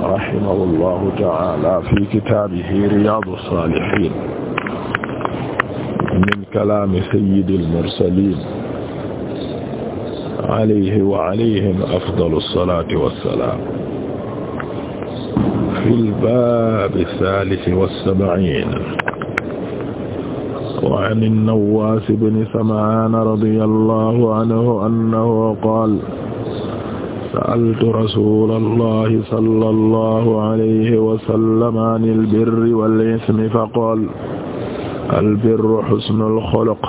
rahimahullahu ta'ala fi kitaabihi riyaadu saalihiin min kalaami sayyidil mursaliin alayhi wa alayhim afdalu salaati wa salaam fil baabi saalisi wa saba'iin wa an an-Nawwaas ibn Sam'aan radiyallahu anhu annahu qaala sa'altu rasuulallahi sallallahu alayhi wa sallam anil birri wal ismi faqaala al birru husnul xuluq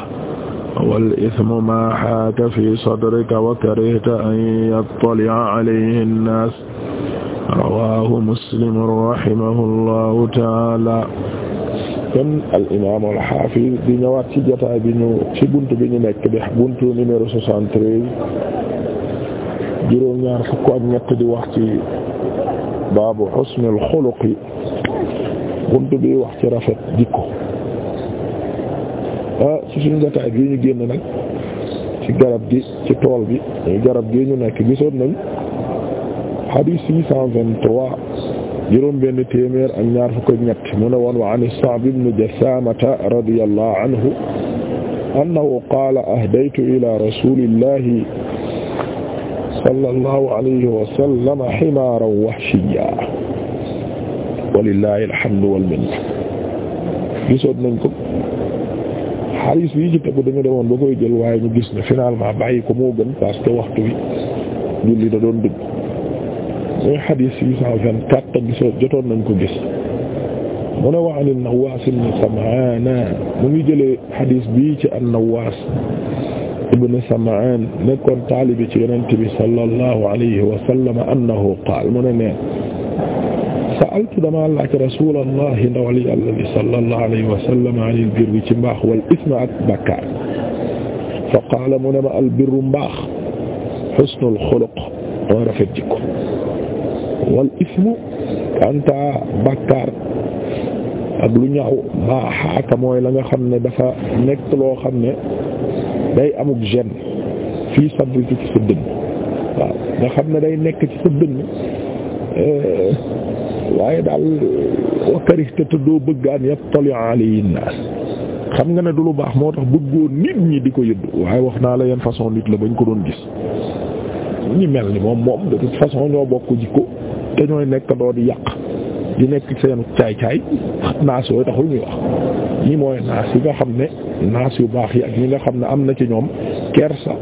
wal ismu maa haaka fi sadrika wa karihta an yattali'a alayhi an-naas rawaahu muslim rahimahullahu ta'aala kon al imaam al haafiz di ñëwaat ci jotaay bi ñu ci buntu bi ñu nekk bi buntu numéro 73 juróom ñaar fukk ak di wax ci baabu xusnul xuluqi bunt bi wax ci rafet jikko ah ci suñu gataay bi ñu génn nag ci garab gi ci tool bi garab gi ñu nekk gisoon nañ xadiis six cent vingt-trois juróom benn téeméer ak ñaar fukk ak ñett mu ne woon wa an Sa'b ibn Jasaamata radiyallahu anhu annahu qaala ahdaytu ila rasulillahi sallallahu alayhi wa sallam himaaran wahshiyyan walillahi alhamdu wal minna gisoon nañ ko xaalis yi ci tegu dañu demoon ba koy jël waaye ñu gis ne finalement bàyyi ko moo gën parce que waxtu bi julli da doon dugg muy xadiis six cent vingt-quatre te gisoo jotoon nañ ko gis mu ne wa an an-Nawaas ibn Sam'aan mu ngi jëlee xadiis bii ci an-Nawaas ibn Sam'aan nekkoon taalibi ci yonent bi sallallahu alayhi wa sallam annahu qaala mu ne nee sa'altu damaa laaj rasuulallahi ndawal yàlla li sallallahu alayhi wa sallam anil birri ci mbaax wal ismi ak bàkkaar fa qaala mu ne ma al birru mbaax husnul xuluq mooy rafet jikko wal ismu kanta bàkkaar ak lu ñaaw maa xaaka mooy la nga xam ne dafa nekk loo xam ne day amug gêne fii sadriki ci sa dënn waaw nga xam na day nekk ci sa dënn euh, waaye daal wa karihta te doo bëgg an yattali alayhi naas xam nga ne du lu baax moo tax bëggoo nit ñi di ko yëdd waaye wax naa la yenn façon nit la bañ ko doon gis ñi mel ni moom moom de façon ñoo bokk jikko te ñooy nekk doo di yàq li nekk seen caay-caay naas yooyu taxul ñuy wax ñi mooy naas yi nga xam ne naas yu baax yi ak ñi nga xam ne am na ci ñoom kersa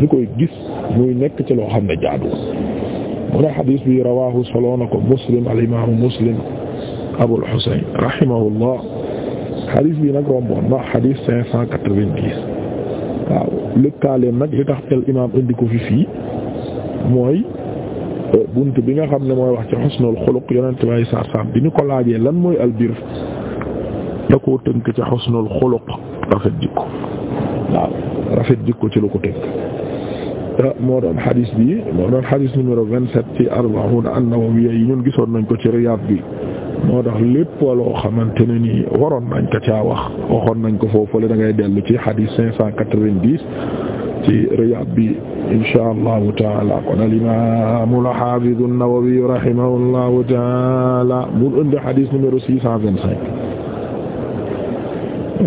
ñu koy gis muy nekk ci loo xam ne jaadu mu ne xadiis bi rawaahu soloo na ko muslim al imaamu muslim abul xuseyn rahimahullah xadiis bi nag romboon na xadiis waaw lëkkaaleem nag li tax al imaam indi ko fi fii mooy bunt bi nga xam ne mooy wax ci xusnul xuluq yonent bay saar saam bi ñu ko laajee lan mooy albir da ko tënk ci xusnul xuluq rafet jikko waaw rafet jikko ci la ko tënk ah, moo doon xadis bi moo doon xadis numéro vingt-sept ci arba'un an-nawawiyya yi ñun gisoon nañ ko ci Riyad bi moo tax lépp loo xamante ne nii waroon nañ ko caa wax waxoon nañ ko foofu la dangay ngay dellu ci xadis cinq cent quatre-vingt-dix ci Riyad bi insha allahu taala kon al imam al hafiz an-Nawawi rahimahullahu taala mu indi hadis numéro six cent vingt-cinq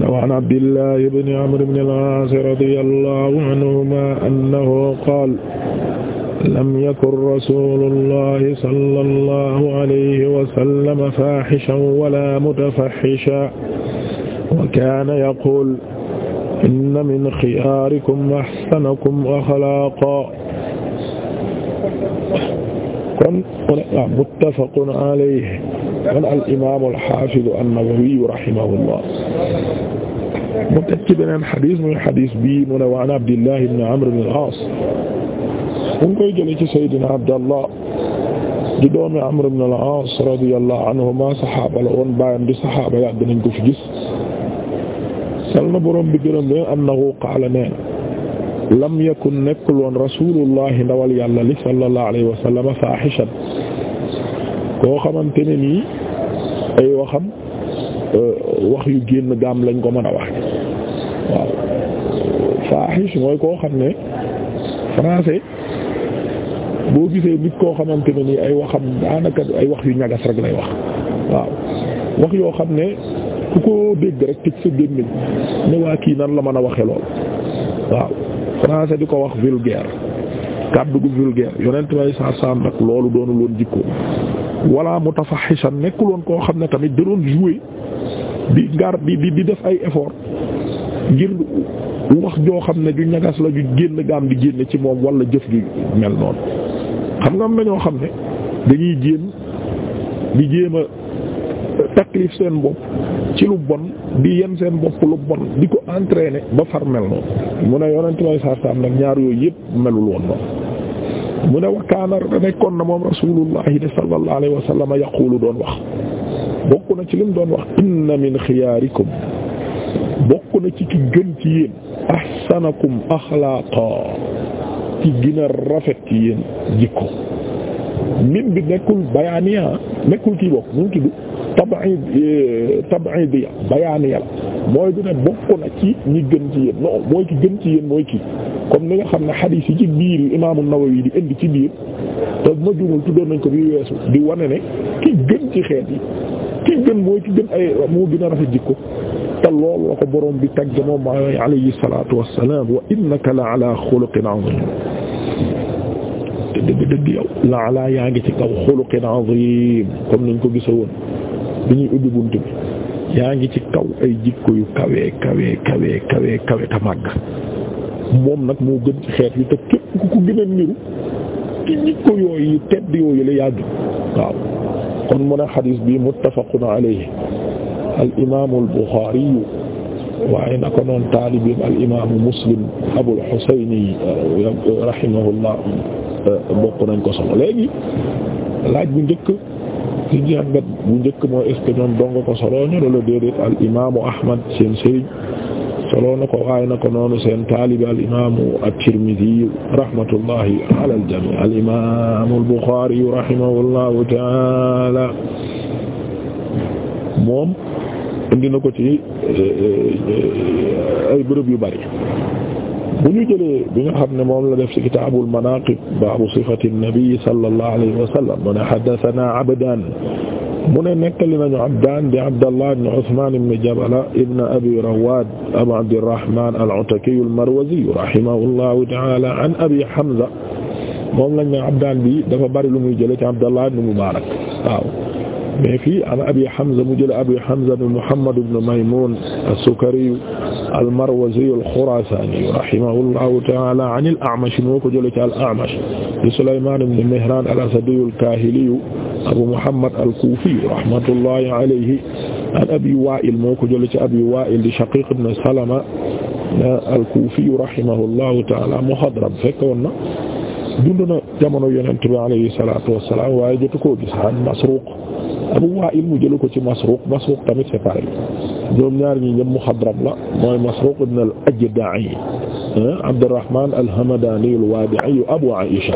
an Abdillah ibn Amr ibn al-As radiyallahu anhuma annahu qala lam yakun rasulullahi sallallahu alayhi wa sallam fahishan wala mutafahhishan wa kana yaqul inna min xiyaarikum axsanakum axlaaqan kon ah, muttafaqun alayhi kon al imaamu alxaafidu annawawiyu rahimahullah mu teg ci beneen xadis muy xadis bii mu ne wa an Abdillah ibn Amr ibn al-Aas mu ngi koy jëlee ci Seydina Abdallah di doomi Amr ibn al-Aas radiyallahu anhuma saxaaba la woon baayam di saxaaba yàgg nañ ko fi gis sal na boroom bi gërëm leen annahu qaala nee na lam yakun nekk woon rasulullahi ndawal yàlla li sallallahu alayhi faahishan koo xamante ne nii ay waxam euh, wax yu génn gaam lañ ko mën a wax waaw faahish mooy koo xam ne français boo gisee nit koo xamante ne nii ay waxam daanaka ay wax yu ñagas rek lay wax waaw wax yoo xam ne ku ko dégg rek tëj sa gémmiñ ne waa kii nan la mën a waxe lool waaw français di ko wax vulgaire kàddu gu vulgaire yonent way sa sam nag loolu doonul woon jikkoom wala mutafahishan nekkul woon koo xam ne tamit da doon jouer di gar di di def ay effort ngir wax joo xam ne ju ñagas la ju génn gaam di génn ci moom wala jëf ju mel noonu xam nga am na ñoo xam ne dañuy jéem di jéem a taklif seen bopp ci lu bon bi yem seen bopp lu bon di ko entraîner ba far mel noonu mu ne yonent may sartaam nag ñaar yooyu yëpp melul woon noonu mu ne wakkaana nekkoon na moom rasuulullahi sallallahu alayhi wa sallam yaqulu doon wax bokk na ci lim doon wax inna min xiyaarikum bokk na ci ki gën ci yéen ahsanakum axlaaqa ci gën a rafet ci yéen jikko mim bi nekkul bayaaniya nekkul kii bokk ñu ngi tudd tabaid tabaidiya bayaaniya la mooy du ne bokk na ci ñi gën ci yéen mooy ki gën ci mooy kii comme li nga xam ne xadiis yi ci biir yu imaamu Nawawi di indi ci biir te ma jumul tuddoon nañ ko bi weesu di wane ne ki gën ci yi ki gën mooy ki gën ay moo gën a rafet jikko te loolu la ko borom bi tagge moom mooy alayhi salaatu wassalaam wa innaka la ala xuluqin azim te dëgg dëgg yow la ala yaa ngi ci kaw xuluqin azim comme niñ ko gisa woon bi ñuy ubbi bunt bi yaa ngi ci kaw ay jikko yu kawee kawee kawee kawee kawe te màgg moom nag moo gën ci xeet yu te képp ku ko gën a niru ci jikko yooyu tedd yooyu la yàgg waaw kon mu ne xadiis bi muttafaqun alayhi al imaamu al buxaari waaye na ko noon taalibin al imaamu muslim abul xusayni rahimahullah bokk nañ ko solo léegi laaj bu njëkk ci jàngat bu njëkk mooy est-ce ko solo ñu al imaamu Ahmad seen solo na ko waaye na ko noonu seen taalibi al imaamu at-Tirmidhi rahmatullahi ala al jamii al imaamu al Bukhari rahimahullahu taala moom indi na ko ci eh, eh, eh, ay bërëb yu bari. bu ñu jëlee bi nga xam ne moom la def ci kitaabul manaaqib baabu sifati nabi sallallahu alayhi wa sallam mu ne haddathana abdaan mu ne nekkali nañu abdaan di abdallah ibn usmaan ibn jabala ibn abi rawaad abu abdirrahmaan al-ataki al-marwazi rahimahullahu ta'ala an abi hamza moom lañ ne abdaan bi dafa bari lu muy jëlee ci abdallah ibn mubaarak waaw mais fii an abi Hamza mu jël abi Hamza bin Muhammad ibn Maymun as-Sukari al-Marwazi al-Khurasani rahimahullahu ta'ala an al-A'mash moo ko jël ci al-A'mash di Sulayman ibn Mihran al-Asadi al-Kahili Abu Muhammad al-Kufi rahmatullahi alayhi an abi Wa'il moo ko jël ci abi Wa'il di Shaqiq ibn Salama al-Kufi rahimahullahu ta'ala muhadrab fekk woon na dund na jamono yonent bi alayhi salaatu wassalaam waaye jotu koo gis an Masruuq Abu Waa'il mu jëlu ko ci Masruuq Masruuq tamit c'est pareil ñoom ñaar ñi ñëpp muxadram la mooy Masruuq ibn al-Ajda'i ah, Abdurrahmaan al-Hamdaani al-Waadi'i Abu Aïsha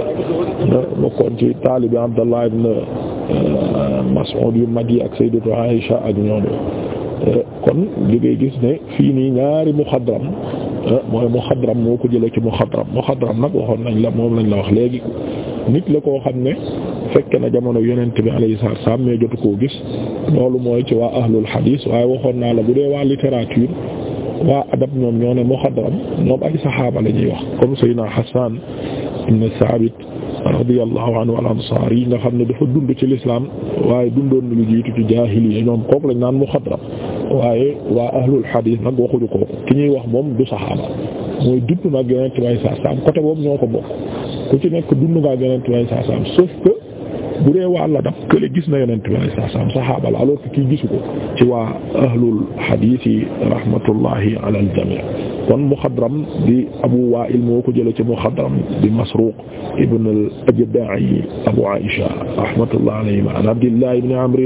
bokkoon ci taalibi Abdallah ibn ah, Mas'uud yu mag yi ak Sayyidatu Aïsha ak ñoom eh, kon li ngay gis ne fii nii ñaari muxadram mooy muxadram moo ko jëlee ci muxadram muxadram nag waxoon nañ la moom lañ la wax léegi nit la koo xam ne fekke na jamono yonent bi alayhi salaatu salaam mais jotu koo gis loolu mooy ci waa ahlul hadis waaye waxoon naa la bu dee waa littérature waa adab ñoom ñoo ne muxadram ñoom ay saxaaba la ñuy wax comme Seydina Hassan ibn Saabit radiyallahu anhu al ansaar yi nga xam ne dafa dund ci lislaam waaye dundoon na lu jiitu ci jaahiliya ñoom kooku lañ naan muxadram waaye waa ahlul xadiis nag waxuñu ko ki ñuy wax moom du saxaaba mooy dund nag yonent bi sallallahu alayhi boobu ñoo ko bokk ku ci nekk dund ngaa yonent bi sallallahu alayhi wasallam bu dee waa la dab kële gis na yonent bi sallallahu alayhi wasallam saxaaba la alors que kii gisu ko ci waa ahlul hadith yi rahmatullahi ala al-jami' kon muxadram di abu wa'il moo ko jëlee ci muxadram di masruq ibn al-ajda'i abu aisha rahmatullahi alayhi an abdillah ibn amr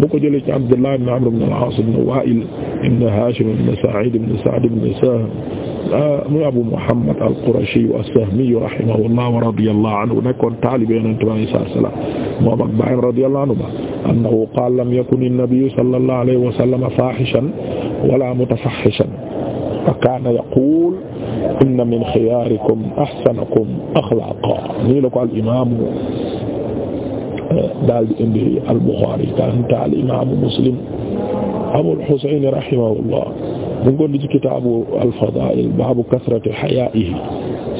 moo ko jëlee ci abdullah ibn amr ibn al-as ibn wa'il ibn hashim ibn sa'id ibn sa'd ibn sahm muy Abu Muhammad al-Qurashi as-Sahmi rahimahullah wa radiyallahu anhu nekkoon taalibe Yonent bi alayhi salaatu wa salaam moom ak baayam radiyallahu anhu annahu qaala lam yakun an-nabiyyu sallallahu alayhi wa sallam faahishan wala mutafahhishan fa kaana yaquulu inna min khiyaarikum ahsanakum akhlaaqan nii la ko al-imaam eh, daal di indi al-Buxaari kanta al-imaam Muslim Abul Husayn rahimahullah mu ngi ko di ci kitaabu al-fadaa'il baabu kasrati hayaa'ihi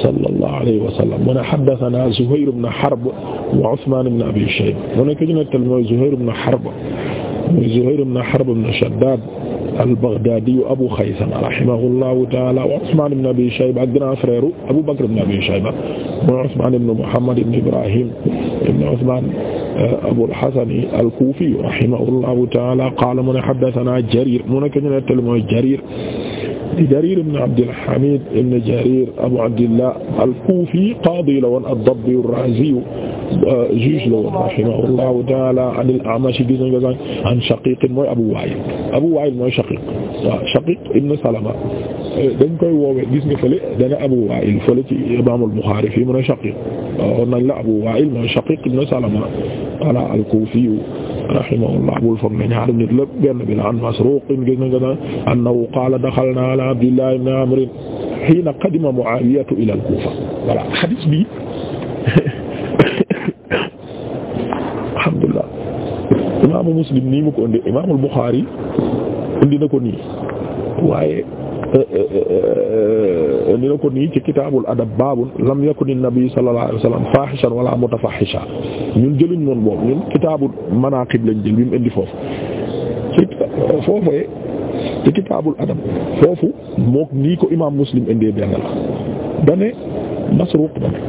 sallallahu alayhi wa sallam mu ne haddathanaa Zuhayr ibn Harb wa Usmaan ibn Abi Shayba mu ne ki ñu nettali mooy Zuhayr ibn Harb mooy Zuhayr ibn Harb ibn Shaddaad al-Baghdadi Abu Khaythama rahimahullahu ta'ala wa Usman ibn Abi Shayba ak grand frère Abu Bakr ibn Abi Shayba mooy Usman ibn Muhammad ibn Ibrahim ibn Usman euh, Abul Hasan al-Kufi rahimahullahu ta'ala qaala mu ne haddathana Jarir mu nekk ñu nettali mooy Jarir di Jarir ibn Abdul Hamid ibn Jarir Abu Abdillah al-Kufi qaadi la woon ad-Dabbi ar-Raazi euh, juge la woon rahimahullahu ta'ala an al-A'mash gis nañ ko sax an Shaqiq mooy Abu Wa'il Abu Wa'il mooy Shaqiq waaw Shaqiq ibn Salama euh, dañ koy woowee gis nga fële dana Abu Wa'il fële ci Imam al-Bukhari fii mu ne Shaqiq woon nañ la Abu Wa'il mooy Shaqiq ibn Salama ala al-Kufi rahimahullah bul foog ne ñaari nit la benn bi la an Masruq gis nga na annahu qaala daxalnaa ala Abdillah ibn Amr hiina qadima Mu'aawiya ila al-Kuufa voilà hadith bi alhamdulillah imaamu Muslim nii mu ko indi imaamul Buxaari indi na ko nii waaye Euh, euh, euh, ni la ko nii ci kitaabul adab baabun lam yakun an-nabi sallallahu wa sallam faahishan wala mutafahishan ñun jëluñ noonu boobu ñun kitaabul manaaqib lañ jël bi mu indi foofu ci foofee ci kitaabul adab foofu mook nii ko imaam muslim indee benn la dane masruuq dane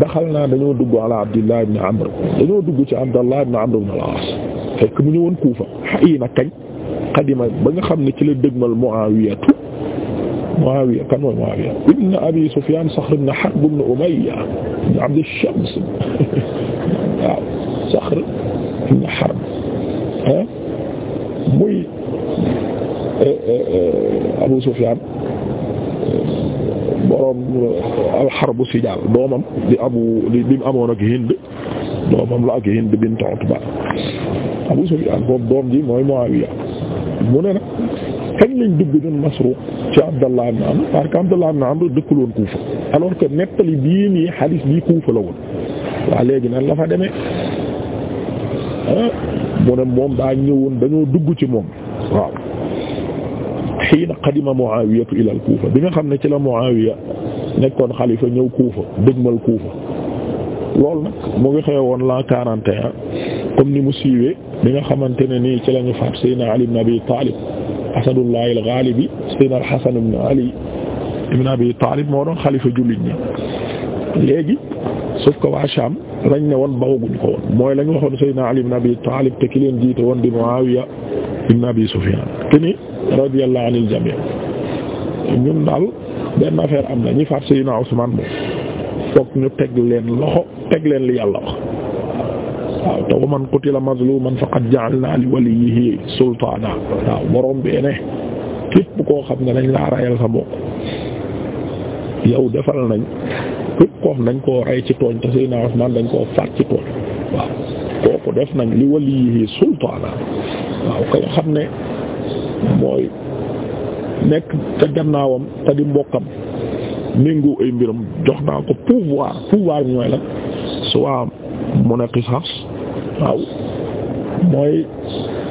daxal naa dañoo dugg ala abdillah ibn amr dañoo dugg ci abdallah ibn amr ibn al-aas fekk mu ñëwoon kuufa xëy na kañ qadima ba nga xam ne ci la dëgmal Muawiyatu Muawiya kan mooy Muawiya ibn Abi Sufyan Saxr ibn Harb ibn Umayya ibn Abd Shams waaw Saxr ibn Harb muy eh, eh, Abu Sufyan eh, boroom al-Harb sijaal doomam di abu di bi mu amoon ak Hind doomam la ak Hind bint Utba Abu Sufyan boobu doom ji mooy Muawiya mu ne nag kañ lañ dugg ñun Masruq ci Abdallah ibn Amr parce que Abdallah ibn Amr dëkkul woon Kuufa alors que nettali bii nii xadiis bii Kuufa la woon waa léegi nan la fa demee ah mu ne moom daa ñëwoon dañoo dugg ci moom waaw xiina qadima Muawiyatu ila al-Kuufa bi nga xam ne ci la Muawiya nekkoon xalifa ñëw Kuufa dëgmal Kuufa loolu nag mu ngi woon la 41 comme ni mu siiwee bi nga xamante ne nii ci lañu faat Seydina Ali ibn Abi Talib asadullahi al-ghalibi Seydina al-Hasan ibn Ali ibn Abi Talib moo doon xalifa jullit ñi léegi sauf que waa Sham lañ ne woon bawuguñ ko woon mooy lañ waxoon Seydina Ali ibn Abi Talib te ki leen jiite woon di Muawiya ibn Abi Sufyan te ni radiyallahu anil jami' ñun daal benn affaire am na ñi faat Seydina Usman moom ñu teg leen loxo teg leen li yàlla wax waaw te wa man qutila mazluman faqad ja'alna li waliyyihi sultaana waaw borom bee ne képp koo xam ne dañ laa rayal sa mbokk yow defal nañ képp koo xam koo rey ci tooñ te Seydina Usmaan dañ koo faat ci tooñ waaw kooku def nañ li waliyyihi sultaana waaw ka xam ne mooy nekk ca gannaawam te di mbokkam méngoo ay mbiram jox naa ko pouvoir ñooy la soit mu ne xisaas waaw mooy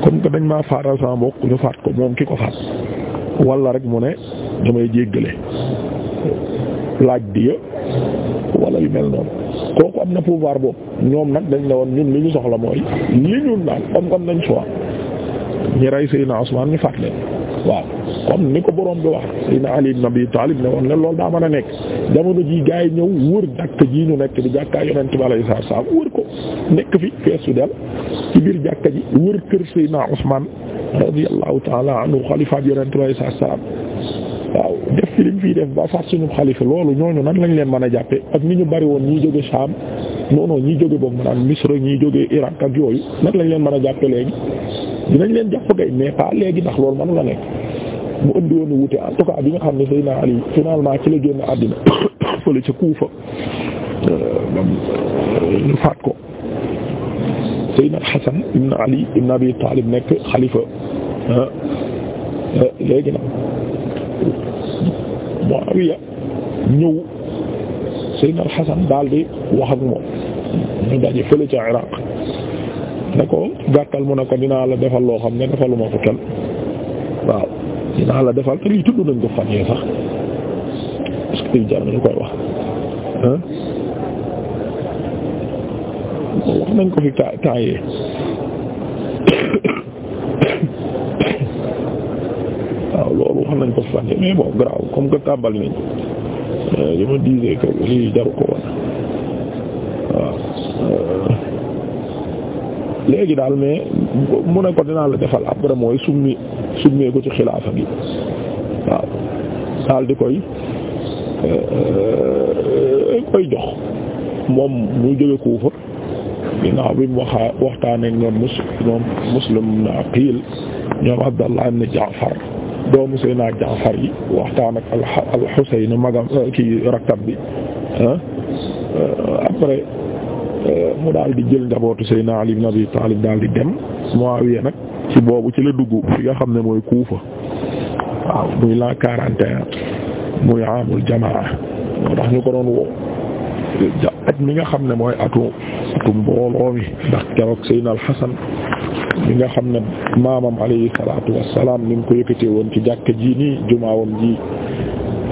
comme que dañ ma faatal sama mbokk ñu faat ko moom ki ko faat wala rek mu ne damay jéggale laaj di walla yu mel noonu kooku am na pouvoir boobu ñoom nag dañ la woon ñun lu ñu soxla mooy li ñun daal comme comme nañ choix ñi rey Seydina Usmaan ñu faat waaw comme ni ko boroom bi wax Seydina Ali ibn Abi Talib ne woon ne lool daa mën a nekk jamono ji gaa yi ñëw wër jàkka ji ñu nekk di jàkkaa yonent bi alayhi salaatu salaam wër ko nekk fi feesu del ci biir jàkka ji wër kër Seydina Usmaan radiyallahu ta'ala anhu xalifa yonent bi alayhi salaam waaw def fi liñ def ba far suñu xalifa loolu ñooñu nan lañ leen mën a jàppe ak ni ñu bari woon ñi jóge Sham non non ñi jóge boobu maanaam Misra ñi jóge Irak ak yooyu nan lañ leen mën a jàppe léegi dinañ leen jàpp mais pas léegi ndax loolu mënu la nekk mu indi woon a wute en tout cas bi nga xam ne Seydina Ali finalement ci la génn àddina fële ca Kuufa euh, euh, ñu faat ko Seydina Ali ibn Abi Talib nekk xalifa ah, ah, léegi nag Muawiya ñëw Seydina Hasan daal di wax ak moom ñu daje fële ca Iraq ne ko gàttal mu ne ko dinaa la defal loo xam ne defaluma ko kenn waaw dinaa la defal te lii tudd nañ ko fan yii sax est-ce jar nañu koy wax ah. wax nañ ko fi ta temps waaw loolu wax nañ ko fan yii mais bon grave comme que tàmbali nañ li euh, ma disais que lii jaru ko woon euh, léegi daal mais mu ne ko dinaa la defal après mooy summi. summee ko ci xilaafa gi waaw daal di koy euh, koy jox moom mu jóge Kuufa ginnaaw bi mu waxaa waxtaanee ak ñoom mus Muslim na ñoom Abdallah ibn Jaafar doomu Seydina Jaafar yi waxtaan ak al-Husayn magam euh, kii rakab bi euh, après mu daal di jël njabootu Seydina Ali ibn Abi Taalib daal di dem Muawiya nag ci boobu ci la dugg fi nga xam ne mooy Kuufa waaw muy la quarante et un muy amul jamaa moo tax ñu ko doon woo mi nga xam ne mooy atu atu mbooloo mi ndax keroog Seydina Al mi nga xam ne maamam alayhi salaatu wassalaam ni mu ko yëkkatee woon ci jàkka ji nii jumaawam ji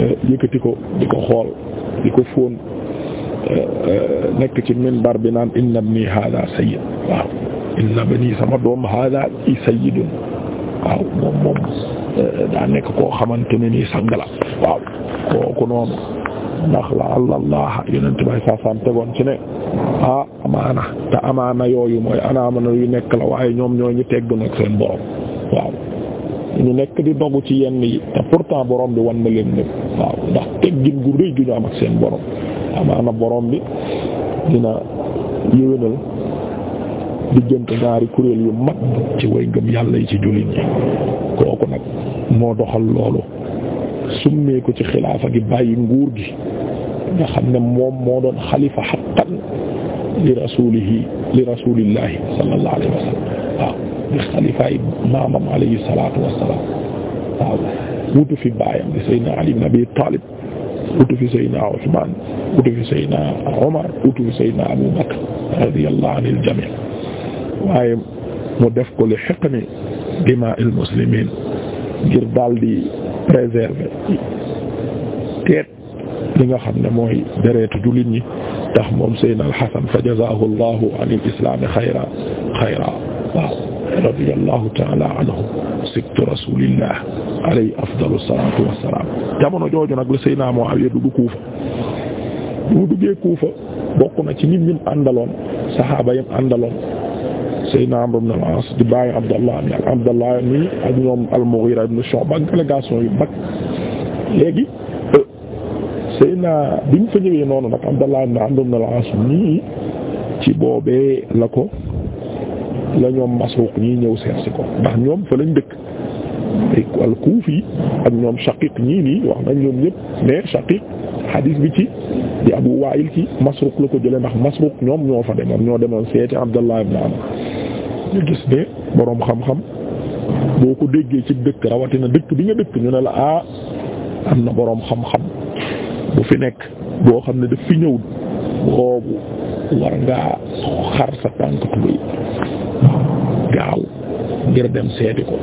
eh, yëkkati ko di ko xool di ko fóon eh, eh, nekk ci minbar bi naan inna ibni hada sayyid waaw inna bani sama doom hada i sayyidun waaw moom moom eh, daa nekk koo xamante ne nii sang la waaw kooku noonu ndax la allah yonent bay saasaan tegoon ci ne ah amaana te amaana yooyu mooy anaamana yu nekk la waaye ñoom ñoo ñu teggu nag seen borom waaw ñu nekk di dogu ci yenn yi te pourtant borom bi wan na leen lépp waaw ndax teggin gu rëy gu ñu am ak seen borom amaana borom bi dina yéwénal diggante ñaari kuréel yu ci way ngëm yàlla yi ci jullit ñi kooku nag moo doxal loolu summee ko ci xilaafa gi bàyyi nguur gi nga xam ne moom moo doon xalifa xaqan li rasulihi li rasulillahi sallallahu wutu fi baayam di saydna ali ibn abi talib wutu fi saydna abu bakr radiyallahu anil jami' waaye mu def ko li hiqni dimaa il muslimiin ngir daldi préserver teet li nga xam ne mooy deretu jullit ñi tax moom Seydina al-Hasan fa jazaahu Allahu anil islaami xayra xayra waaw radiyallahu ta'ala anhu sibtu rasulillah alayhi afdalu salaatu wassalaam jamono jooju nag la Seydina Muawiya dugg Kuufa bu duggee Kuufa bokk ci nit ñi mu saxaaba yi mu Seydina Amr ibn al-As di bàyyi Abdallah ak Abdallah mi ak ñoom al-Mughira ibn Shu'ba ak délégation yu mag léegi euh, Seydina bi biñ fa ñëwee noonu nag Abdallah ibn Amr ibn al-As nii ci boobee la ko la ñoom Masruq ñii ñëw seet si ko ndax ñoom fa lañ dëkk ay al-Kufi ak ñoom Shaqiq ñii nii wax nañ ñoom ñëpp mais Shaqiq hadis bi ci di Abu Wa'il ci Masruq la ko jëlee ndax Masruq ñoom ñoo fa demoon ñoo demoon seeti Abdallah ibn Amr ñu gis ne boroom xam-xam boo ko déggee ci dëkk rawatina dëkk bi nga dëkk ñu ne la ah am na boroom xam-xam bu fi nekk boo xam ne daf fi ñëw boobu war ngaa xar sa tànk tubéy gaaw ngir dem seeti ko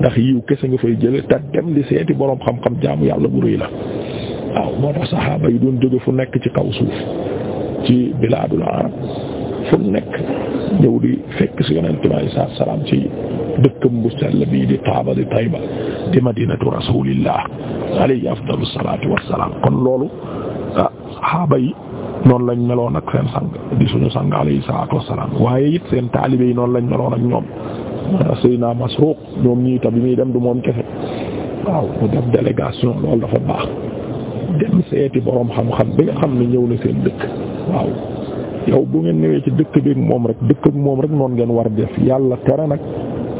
ndax yiw kese nga fay jële te dem di seeti boroom xam-xam jaamu yàlla bu rëy la waaw moo saxaaba yi doon jóge fu nekk ci kaw suuf ci bilaadul arab fu nekk ñëw di fekk ci yonent bi alayhi salaam ci dëkkam bu sell bii di Taaba di Tayba di madinatu rasulillah alayhi afdalu salaatu wassalaam kon loolu ah saxaaba yi noonu lañ meloon ak seen sang di suñu sang alayhi salaatu wassalaam waaye it seen taalibe yi noonu lañ meloon ak ñoom ah, Seydina Masruuq ñoom ñii ta bi muy dem du moom kese waaw mu def délégation loolu dafa baax dem seeti boroom xam-xam bi nga xam ne ñëw na seen dëkk waaw yow bu ngeen ñëwee ci dëkk bi ak moom rek dëkk ak moom rek noonu ngeen war def yàlla tere nag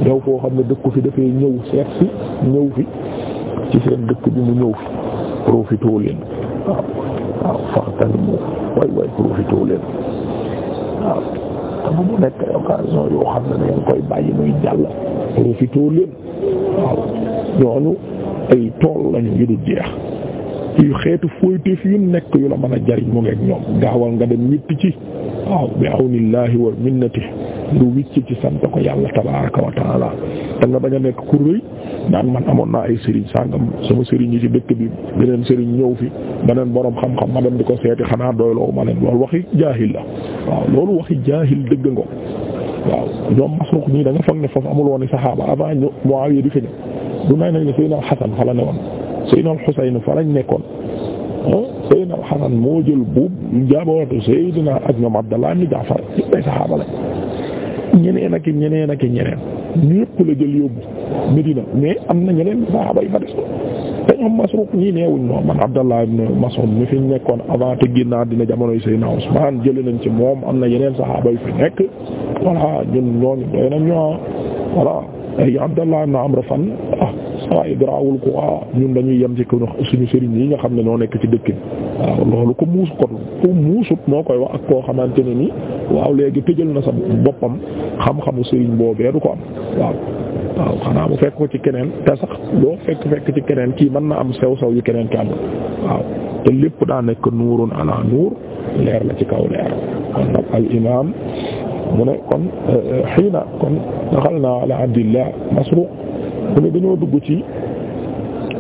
yow koo xam ne dëkku fi dafay ñëw seet si ñëw fi ci seen dëkk bi mu ñëw fi profité leen waaw waaw faxtan mu way way profité leen waaw yoo xam ne da ngeen koy bàyyi muy jàll ñooñu ay tool lañu yu du jeex yu xeetu foyteef yu nekk yu la mën a jariñ mu ngeeg ñoom gaawal nga dem witti ci waaw bi awnillahi wa minnati lu witti ci sant ko yàlla tabaaraka wa taala te nga bañ a nekk ku rëy naan man amoon naa ay sëriñ sàngam sama sëriñ yi ci dëkk bi beneen sëriñ ñëw fi beneen borom xam-xam ma dem di ko seeti xanaa doyloo ma leen loolu waxi jaahil la waaw loolu waxi jaahil dëgg nga waaw ñoom Masruq ñii da nga foog ne foofu amul woon i saxaaba avant ñu ne woon Seydina al farañ fa lañ nekkoon ah, Seydina al-Hasan moo jël buub ak ñoom Abdallah ibn Jaafar ñëpp ay saxaaba lañ ñeneen ak ñeneen ak ñeneen ñëpp la jël yóbbu Medina am na ñeneen saxaaba yi fa des te ñoom Masruq nekkoon avant te dina jamonoy Seydina Usmaan jëlee nañ ci moom am na yeneen saxaaba yu fi nekk voilà ñun ñooñu doy nañ ñoo ah. voilà. ay Abdallah ibn Amr fan ah waaye garaawul ko ah ñun dañuy yem ci ko suñu sëriñ lii nga xam ne ñoo nekk ci dëkk bi waaw ah, loolu ko muus ko muusut moo koy wax ak koo xamante ne ni waaw léegi tëjal na sa boppam xam-xamu sëriñ boobee du ko am waaw. waaw xanaa mu fekk ko ci keneen te sax loo fekk fekk ci keneen kii mën na am sew sew yu keneen ki am waaw te lépp daa nekk nuroon ala nuur leer la ci kaw leer kon al imaam mu ne kon euh, euh, xiina kon daxal naa ala abdillah mu ne dañoo dugg ci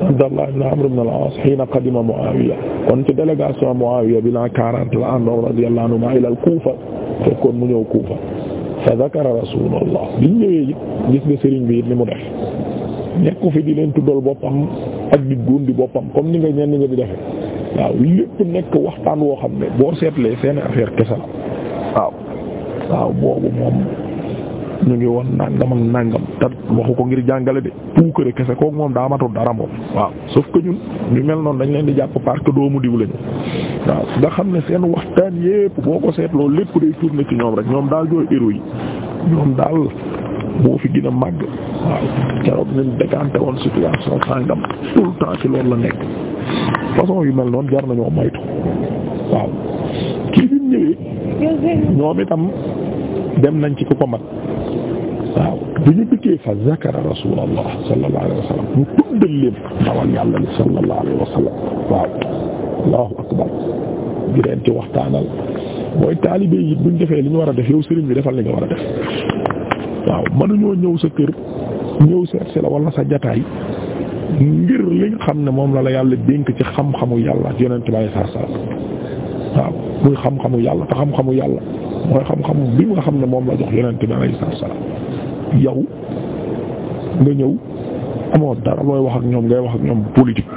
abdallah ibn amr ibn al-aas xiina qadima muawiya kon ci délégation muawiya bi la quarante ila al-kufa fekkoon mu ñëw kufa fa zakara rasulullah biñ ñëwee it gis nga sëriñ bi it li mu def nekku fi di leen tuddal boppam ak di gundi boppam comme ni nga ñenn nga di defe waaw lépp nekk waxtaan woo xam ne boo seetlee seen affaire kese waaw waaw boobu moom ñu ngi woon nangam ak nangam te waxu ko ngir jàngale de puukare kese kooku moom daa matul dara moom waaw sauf que ñu mel noon dañ leen di jàpp parce que doomu diw lañu waaw nga xam ne seen waxtaan yépp boo ko seetloo lépp day tourner ci ñoom rek ñoom daal jooy héros yi ñoom daal moo fi gën a màgg waaw keroog ñu décanté woon situation sàngam tout temps ci loolu la nekk façon yu mel noonu jar nañoo moytu waaw kii bi ñëwee ñoom itam dem nañ ci ku ko mat waaw bi ñu dikkee fa zakara rasulullah mu tuddal leen ndawal yàlla li sallallahu alayhi waaw allahu akbar di ci waxtaanal mooy taalibe yi buñ defee li ñu war a def yow sëriñ bi defal li nga war a def waaw mënuñoo ñëw sa kër ñëw seet si la wala sa jataay ngir li nga xam ne moom la la yàlla dénk ci xam-xamu yàlla yonent bi sallallahu alayhi waaw muy xam-xamu yàlla te xam-xamu yàlla mooy xam-xamu bi nga xam ne moom la jox yonent bi alayhi salaam yow nga ñëw amoon dara looy wax ak ñoom ngay wax ak ñoom politique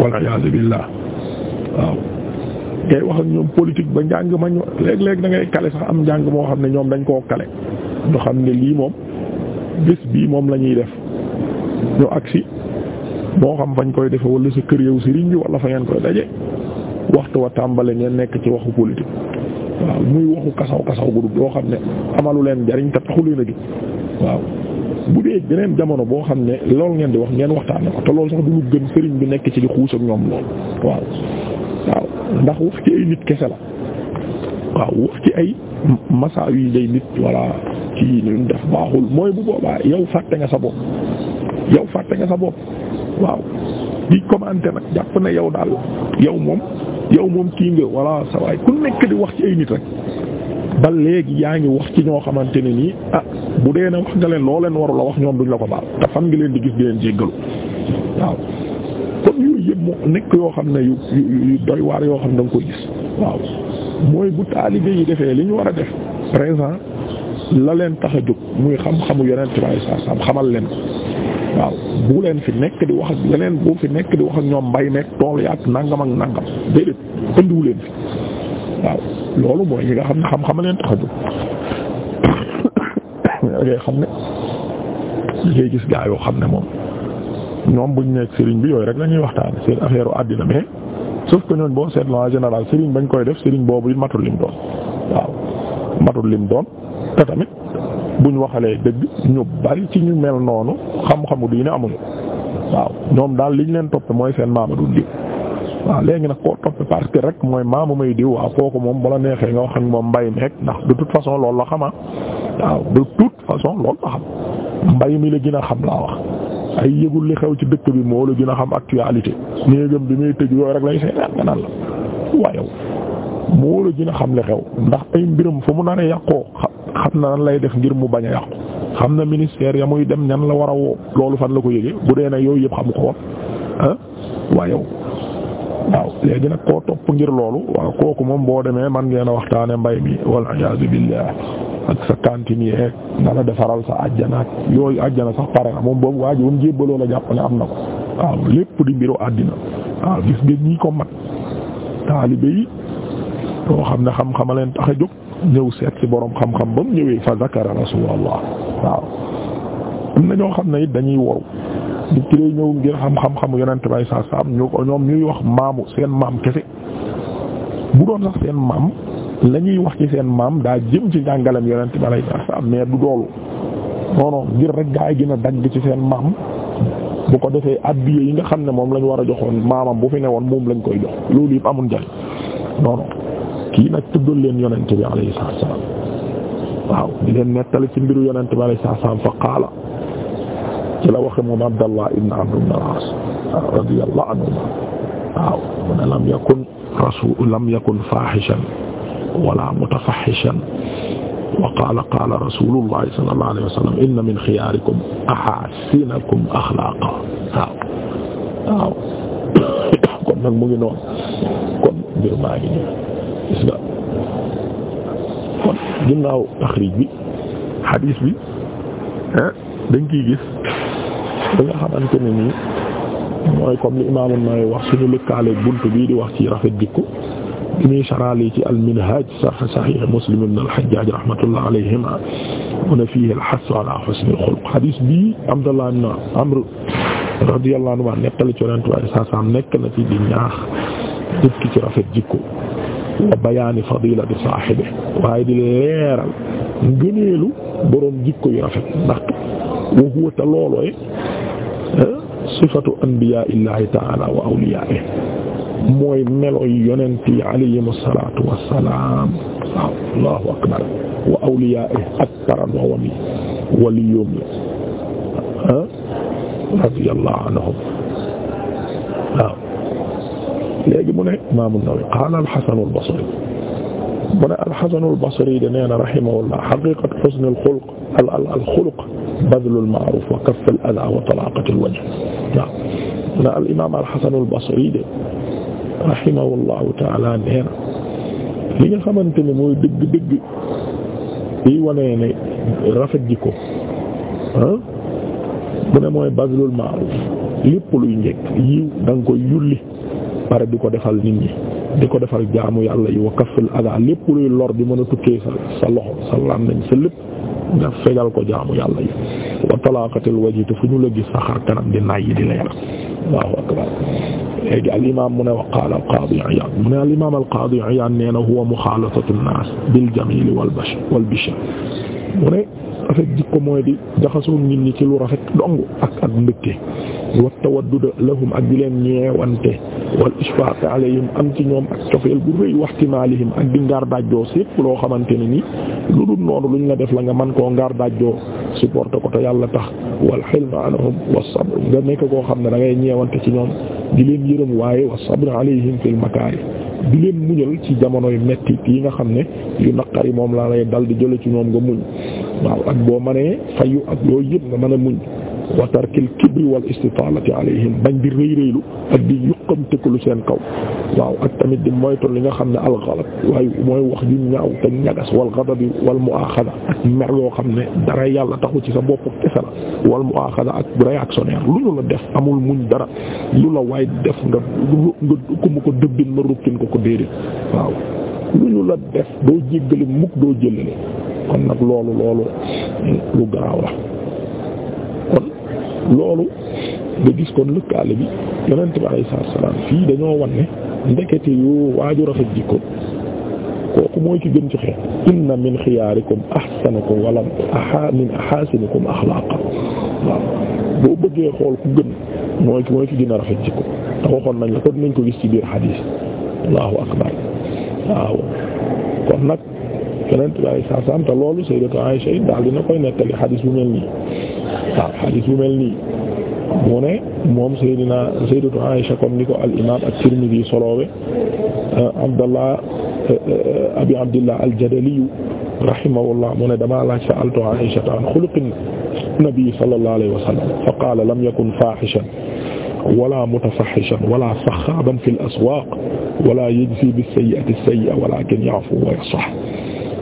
walla iyaazu billaah waaw ngay wax ak ñoom politique ba njàng ma ñu léeg-léeg da ngay kale sax am njàng moo xam ne ñoom dañ koo kale ñu xam ne lii moom bés bii moom lañuy def ñu agsi moo xam fañ koy defe wala sa kër yow sëriñ bi wala fa ngeen koy daje waxtu wa tàmbale ngeen nekk ci waxu politique waaw muy waxu kasaw kasaw gu doo xam ne amalu leen njariñ te taxu leen a jóg waaw bu dee beneen jamono boo xam ne loolu ngeen di wax ngeen waxtaane ko te loolu sax du lu gën sëriñ bi nekk ci di xuus ñoom lool waaw waaw ndax wax ci ay nit kese la waaw wax ci ay masaa yi day nit walla ci ñun def baaxul mooy bu boobaa yow fàtte nga sa bopp yow fàtte nga sa bopp waaw di commenter nag jàpp na yow daal yow moom yow moom kii nga walla sa waay ku nekk di wax ci ay nit rek ba léegi yaa ngi wax ci ñoo xamante ne nii ah bu dee na wax nga leen loo leen waru la wax ñoom duñ la ko baal te fan nga leen di gis di leen jéggalu waaw kon yooyu yëpp moo nekk yoo xam ne yu yu doy waar yoo xam ne da nga koy gis waaw mooy bu taalibe yi defee li ñu war a def présent la leen tax a jóg muy xam-xamu yeneen bi sallallahu alayhi xamal leen ko waaw bu leen fi nekk di wax ak leneen bu fi nekk di wax ak ñoom mbay meeg tool yaak nangam ak nangam déedéet ëndiwu leen fi waaw loolu mooy yi nga xam ne xam-xam leen tax a jóg ngay xam ne ngay gis gaa yoo xam ne moom ñoom buñ nekk sëriñ bi yooyu rek la ñuy waxtaan seen affaire àddina mais sauf que ñooñ boo seetloo en général sëriñ bañ koy def sëriñ boobu it matul lim doon waaw matul lim doon te tamit buñ waxalee dëgg ñu bari ci ñu mel noonu xam-xamu diine amuñu waaw ñoom daal liñ leen toppe mooy seen maamu du diw waaw léegi nag koo parce que rek mooy maamu may diw waaw kooku moom bala neexee nga wax ak moom mbay mi rek ndax de toute façon loolu la xama waaw de toute façon loolu la xam mbay mi la gin a xam laa wax ay yëgul li xew ci dëkk bi moo la gën a xam actualité néegam bi muy tëj yooyu rek lay seetaan nga naan la waayow moo la gën a xam li xew ndax ay mbiram fu mu naree yàqoo xam na lan lay def ngir mu bañ a yàqu xam na ministère ya muy dem ñan la war a woo loolu fan la ko yëgee bu dee na yooyu yëpp xamu ko woon ah waaw léegi nag koo topp ngir loolu waaw kooku moom boo demee man ngeen a waxtaane mbay mi wal iyaazu billaah ak sa cantine yeeg na la defaral sa ajjanaak yooyu ajjana sax pare na moom boobu waa ji moom jébbaloo la jàpp ne am na ko waaw lépp di mbiru àddina waaw gis ngeen ñi ko mat taalibe yoo xam ne xam-xama leen tax a jóg ñëw seet ci boroom xam-xam ba mu ñëwee fa zakara rasulullah waaw am na ñoo xam ne it dañuy wow di kiree ñëw ngir xam-xam-xamu yonente bay sa sam ñu ko ñoom ñuy wax maamu seen maam kese bu doon sax seen maam la ñuy wax ci seen maam daa jëm ci njàngalem yonente balay sa sam mais du doolu non non ngir rek gaa yi gën a dagg ci seen maam bu ko defee addiya yi nga xam ne moom lañ war a joxoon maamam bu fi woon moom lañ koy jox loolu yëpp amul njariñ non kii nag tuddal leen yonent bi alayhi salaam waaw di leen nettali ci mbiru yonent bi alayhi salaam fa qaala ci la waxe moom Abdallah ibn Amr ibn al-As radiyallahu anhu waaw mu ne lam yakun rasul lam yakun faahishan wala mutafahishan wa qaala qaala rasulullah sallallahu alayhi wa sallam inna min xiyaarikum ahaasinakum axlaaqa waaw waaw kon nag mu ngi noonu kon mbir maa ngi nii gis nga kon ginnaaw taxriij bi xadiis bi ah dañ ciy gis li nga xamante ne nii mooy comme li Imaam An-Nawawi wax suñu lëkkaaleeg bunt bii di wax ci rafet jikko di muy saraali ci al-Minhaaj Sahih Muslim ibn al-Hajjaj rahmatullah alayhima mu ne fiihi al-hassu ala husni al-xuluq xadiis bii Abdullah ibn Amr radiyallahu anhu nettali ci Yonent bi sallallahu alayhi wasallam nekk na ci di ñaax nit ki ci rafet jikko wa bayaani fadilati saahibi waaye di leeral ngëneelu boroom jikko yu rafet ndax wa huwa ta loolooy sifatu anbiyaa illaahi ta'ala wa awliyaa'ihi mooy melooy yonent yi alayhimu salaatu wa salaam waaw allahu akbar wa awliyaa'ihi ak parandoowam yi waliyum la radiyallahu anhum waaw léegi mu ne Imaam An-Nawawi qaala al-Hasan al-Basri mu ne al-Hasan al-Basri de nee na rahimahullah haqiiqatu husni al-xuluq al-xuluq badlu al-ma'ruuf wa kaffu al-adaa wa talaaqatu al-wajh waaw mu ne al-Imaam al-Hasan al-Basri de rahimahullahu ta'aala nee na li nga xamante ne mooy dëgg dëgg liy wane ne rafet jikko ah mu ne mooy badlul ma'ruuf lépp luy njëkk yiw da nga koy yulli pare di ko defal nit ñi di ko defal jaamu yàlla yi wa kaful ada lépp luy lor di mën a tukkee sa sa loxo sa lam nañ sa lépp nga fegal ko jaamu yàlla yi wa talaqatil wajhi fu ñu la gis sa xar kanam di nay yi di leer Allahu akbar léegi al imaam mu ne wa qaala al bil jamiil wal bashar rafet jikko mooy di jaxasoo nit ñi ci lu rafet dong ak ak mbëgte wa tawaddud lahum ak di leen ñeewante wal ishfaaq alayhim am ci ñoom ak cofeel bu rëy waxtimaalihim ak di ngaar dajjoo sépp loo xamante ne ni lu dul noonu luñ la def la nga man koo ngaar dajjoo supporté ko te yàlla tax wal hilm anhum was sabr nga nekk koo xam ne da ngay ñeewante ci ñoom di leen yërëm waaye was sabr alayhim fil di leen muñal ci jamonoy metti yi nga xam ne yu naqari moom laa lay dal di jële ci moom nga muñ waaw ak boo mënee fayu ak loolu yëpp nga mën a muñ wa tarkil kibri wal istitaalati alayhim bañ di rëy rëylu ak di yuqamte ko lu seen kaw waaw ak tamit di moytu li nga xam ne alxalat waaye mooy wax ju ñaaw te ñagas wal ghadab wal mu'axada ak mer yoo xam ne dara yàlla taxu ci sa bopp kese la wal ak réactionnaire lu ñu la def amul muñ dara lu la waay def nga nga kumb ko dëbbin ma rukkin ko ko déedéet waaw lu ñu la def doo jéggale mukk doo jëlale kon nag loolu loolu lu garaaw la loolu nga gis kon lëkkaale bi yonent bi alayhi salaam fii dañoo wan ne ndekete yoo waaju rafet jikko kooku mooy ci gën ci xeet inna min xiyaarikum ahsanakum wala aha min ahasinikum axlaaqa waaw boo bëggee xool ku gën mooy mooy ci gën a rafet jikko te waxoon nañ la kon nañ ko gis ci biir xadiis allahu akbar waaw kon nag yonent bi alayhi salaam te loolu sayyidatu Aisha daal dina koy nettali xadiis bu mel nii waaw xadiis bu mel nii mu ne moom Seydina Sayyidatu Aisha comme ni ko al imaam at-Tirmidhi soloowe euh, Abdallah euh, euh, Abi Abdillah al-Jadali rahimahullah mu ne damaa laaj sa'altu Aisha an xuluqin nabi sallallahu alayhi wa sallam fa qaala lam yakun faahishan wala mutafahishan wala saxaaban fil aswaaq wala yajzi bis sayyi'ati as-sayyi'a walaakin ya'fu wa yasfah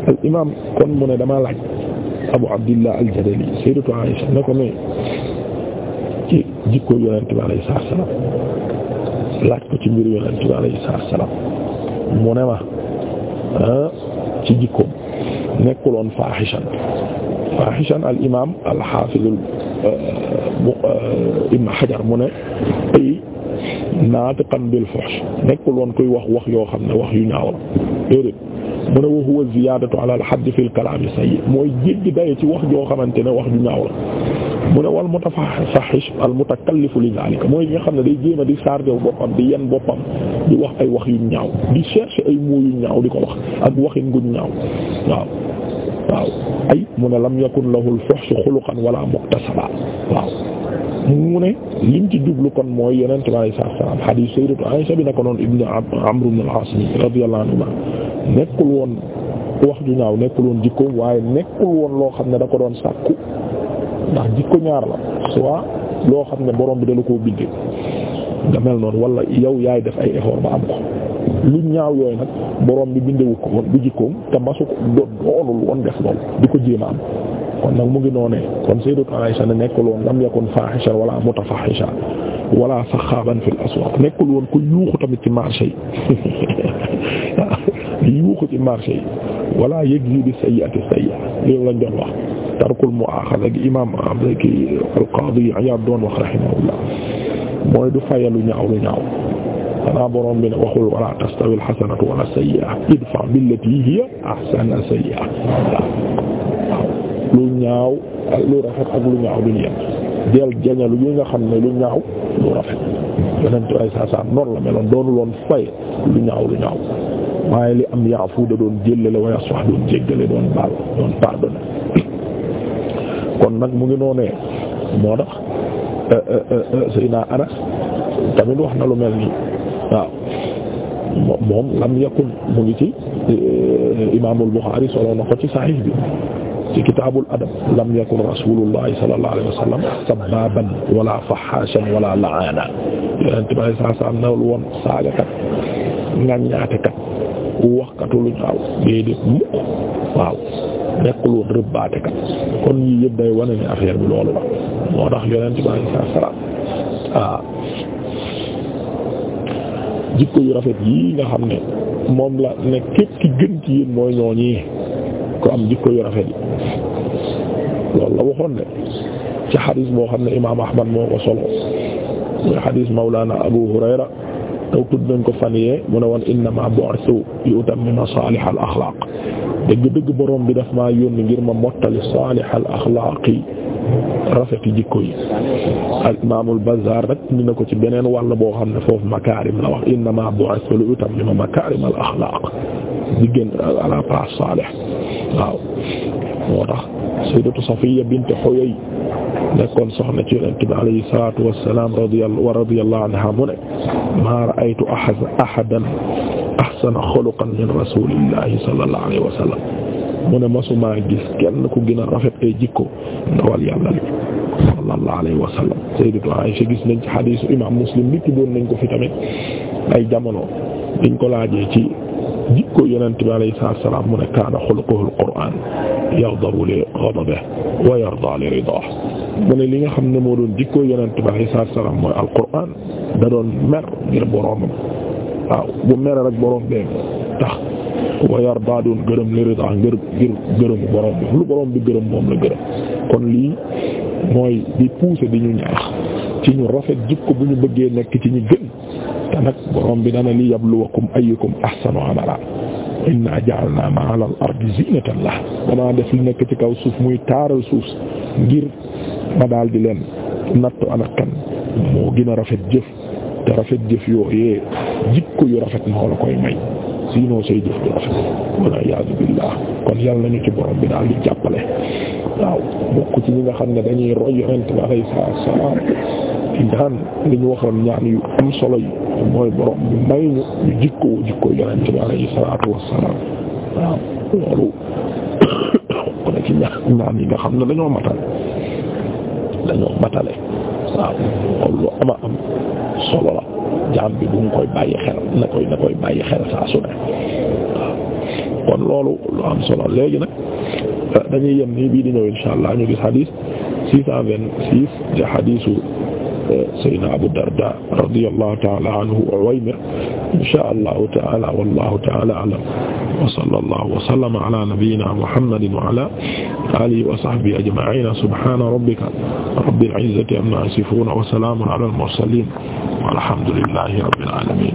al imaam kon mu ne damaa laaj. Abu Abdillah al-Jadali sayyidatu Aisha ne ko ne ci jikko yonent bi alayhi salaam laaj ko ci mbir yonent bi alayhi salaam mu ne ma ah, ci jikkoom nekkuloon faahishan faahishan al imaam al haafiz eh, eh, Ibn Hajar mu ne ay naatiqan bil fuhsh nekkuloon kuy wax wax yoo xam ne wax yu ñaaw la mu ne wa huwa ziyaadatu ala al-hadd fi al-kalaam sayyi mooy jéggi daye ci wax joo xamante ne wax ju ñaaw la mu ne wal mutafahish al-mutakallifu li zaalika mooy nga xam ne day jéem a di chargé boppam di yen boppam di wax ay wax yu ñaaw di chercher ay mots yu ñaaw di ko wax ak wax gu ñaaw waaw. waaw ay mu ne lam yakun lahu al-fuhsh xuluqan wala muktasaba waaw. mu ne lim ci jublu kon mooy yonent bi alayhi salaam hadith sayyidatu Aisha bi na ko noon ibnu Amr ibn al-As radiyallahu anhuma woon wax ju ñaaw nekkul woon jikkoom waaye nekkul woon loo xam ne da ko doon sàkku ndax jikko ñaar la soit loo xam ne borom bi da la ko bindee nga mel noonu wala yow yaay def ay effort ba am ko lu ñaaw yooyu nag borom bi bindewu ko woon du jikkoom te masu ko doonul woon def loolu di ko jéem a am kon nag mu ngi noonee kon sayyidatu Aisha ne nekkul woon lam yakun faahisha wala mutafahisha wala saxaaban fil aswaq nekkul woon ku yuuxu tamit ci marché yi waaw yuuxu ci marché yi wala yajzi bi sayyi'ati sayyi'a yow lañ doon wax tarkul mu'aaxaza gi imaam kii al-qaadi Iyaad doon wax rahimahullah mooy du fayalu ñaaw lu ñaaw xanaa borom bi ne waxul wala tastawi al-hasanatu wala sayyi'a idfa' billatii hiya ahsanu sayyi'a lu ñaaw ak lu rafet ak lu ñaaw duñu yem del jañalu yi nga xam ne lu ñaaw lu rafet yonentu ay saa saa noonu la meloon doonu loon fay lu ñaaw lu ñaaw waaye li am yaafu da doon jéllale waaye sax doon jéggale doon baal doon pardonné kon nag mu ngi noonee moo tax euh, euh, euh, Seydina Anas tamit wax na lu mel nii waaw moom lam yakun mu ngi ci imaamul Buxaari solo na ko ci saxiix bi ci kitaabul adab lam yakun rasulullahi sallallahu alayhi wa wala fahaashan wala la'aana yonente bi alayhi salaam nawul woon saagakat ngañaatekat waxkatu lu ñaaw déedéet mukk waaw nekkul woon rëbbaatekat kon yii yëpp day wane ne affaire bi loolu la moo tax yonente bi alayhi salaam ah jikko yu rafet yii nga xam ne moom la ne képp ki gën ci yéen mooy ñooñi ku am jikko yu rafet yi loolu la waxoon ne ci xadis boo xam ne imaam Ahmad moo ko solo muy xadis Mawlana Abu Hurayra taw tudd nañ ko fan yee mu ne woon innamaa bu'ithu li utammima saalihal axlaaq dëgg-dëgg borom bi daf maa yónni ngir ma mottali saalihal axlaaq yi rafeti jikko yi al imaamul Bazzaar rek dina ko ci beneen wàll boo xam ne foofu makaarim la wax innamaa bu'ithu li utammima makaarimal axlaaq diggante à la place saalih waaw moo tax sayyidatu Safiyya bint Huyay nekkoon soxna ci Yonent bi alayhi salaatu wa salaam wa radiyallahu anha mu ne maa ra'aytu ahadan ahsana xuluqan min rasuulillahi sallallahu alayhi wa sallam mu ne masumaa gis kenn ku gën a rafet ay jikko ndawal yàlla li sallallahu alayhi wa sallam gis nañ ci hadiisu imaam Muslim bi tuddoon nañ ko fi tamit ay jamono biñ laajee ci jikko yonent bi alayhi salaatu wa salaam mu ne kaana xuluquhul qur'aan li ghadabihi wa yardaa li ridaahu mu ne li nga xam ne moo doon jikko yonent bi alayhi salaatu wa salaam alqur'aan da doon mer ngir boroomam waaw bu mere rek boroom bee tax wa yardaa doon gërëm li ridaa ngir ngir gërëmu boroom bi gërëm moom la gërëm kon lii mooy di pousser di ñu ñaax ci ñu rafet jikko bu ñu bëggee nekk ci ñu gën te nag borom bi dana li yabluwakum ayyukum ahsanu amala inna ja'alna ma'al ardi zinatan danaa def li nekk ci kaw suuf muy taaral suuf ngir ma daal di leen nattu anak kan moo gën a rafet jëf te rafet jëf yooyee jikko yu rafet moo la koy may sinon say jëf du rafet walla iyaazu billaah kon ci borom nga xam ne dañuy roy yonent bi alayhi salaam ci waxoon ñaan yu am solo yi mooy borom bi may loolu ko xam ne dañoo matale dañoo loolu lu am solo la jaam bi nag dañuy yem nii bii di ñëw insha allah ñu gis hadis 626 di hadisu Seydina Abu Darda radiyallahu ta'ala anhu wa Uwaymir insha allahu ta'ala wallahu ta'ala a'lam wa sallallahu wa sallama ala nabiyyina Muhammadin wa ala alihi wa sahbihi ajma'in subhana rabbika rabbil izzati amma yasifun wa salamun ala al mursalin walhamdulillahi rabbil alamin